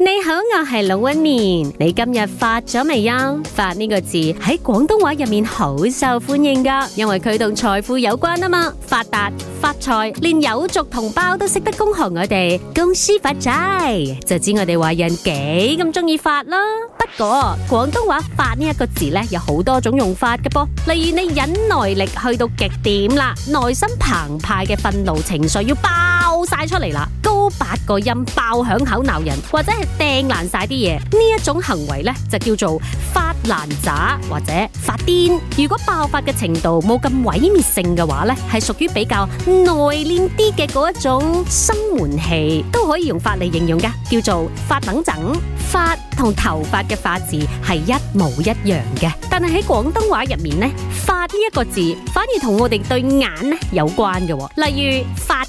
你好，我係龍紋敏。你今日發咗未啊？發呢個字喺廣東話入面好受歡迎噶，因為佢同財富有關啊嘛。發達、發財，連有族同胞都識得恭賀我哋。公司發財，就知我哋華人幾咁中意發啦。不過廣東話發呢一，這個字咧，有好多種用法噶噃。例如你忍耐力去到極點啦，內心澎湃嘅憤怒情緒要爆晒出嚟啦，高八個音爆響口鬧人，或者係掟爛晒啲嘢，呢一種行為咧就叫做發爛渣或者發癲。如果爆發嘅程度冇咁毀滅性嘅話咧，係屬於比較內斂啲嘅嗰一種生悶氣，都可以用法嚟形容嘅，叫做發等陣。發同頭髮嘅發字係一模一樣嘅，但係喺廣東話入面咧，發呢一個字反而同我哋對眼咧有關嘅，例如發。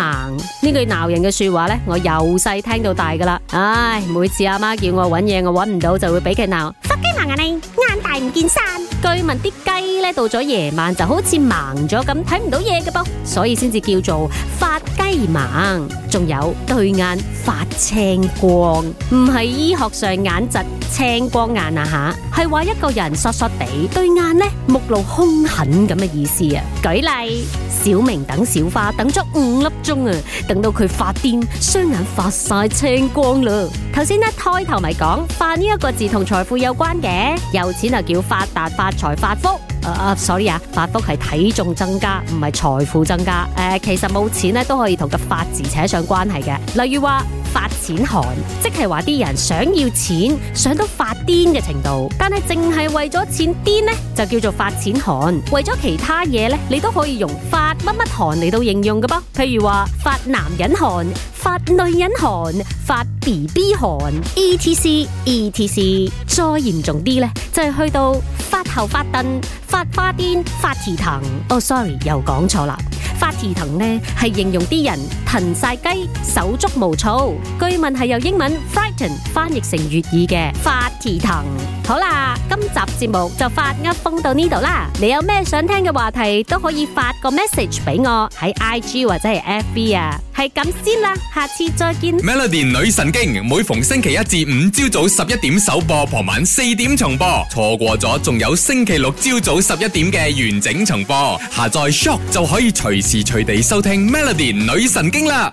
行呢句鬧人嘅說話咧，我由細聽到大噶啦。唉，每次阿媽，媽叫我揾嘢，我揾唔到就會俾佢鬧。發雞盲眼、啊、你眼大唔見山。據聞啲雞咧，到咗夜晚就好似盲咗咁，睇唔到嘢嘅噃，所以先至叫做發雞盲。仲有對眼發青光，唔係醫學上眼疾青光眼啊吓，係話一個人煞煞哋，對眼咧，目露凶狠咁嘅意思啊。舉例，小明等小花等咗五粒鐘啊，等到佢發癲，雙眼發晒青光啦。剛剛呢頭先咧，開頭咪講發呢一個字同財富有關嘅，有錢啊叫發達發。發財發福，啊啊，sorry 啊，發福係體重增加，唔係財富增加。誒、uh，其實冇錢咧都可以同個發字扯上關係嘅，例如話。發錢寒，即係話啲人想要錢想到發癲嘅程度，但係淨係為咗錢癲呢，就叫做發錢寒。為咗其他嘢呢，你都可以用發乜乜寒嚟到形容嘅噃。譬如話發男人寒、發女人寒、發 B B 寒、E T C E T C。再嚴重啲呢，就係去到發頭發凳、發花癲、發蹄騰。哦，sorry，又講錯啦。發蹄騰呢，係形容啲人騰晒雞，手足無措，據聞係由英文 frighten 翻譯成粵語嘅發蹄騰。好啦，今集節目就發噏風到呢度啦。你有咩想聽嘅話題都可以發個 message 俾我喺 IG 或者係 FB 啊。係咁先啦，下次再見。Melody 女神經每逢星期一至五朝早十一點首播，傍晚四點重播。錯過咗仲有星期六朝早十一點嘅完整重播。下載 Shock 就可以隨時隨地收聽 Melody 女神經啦。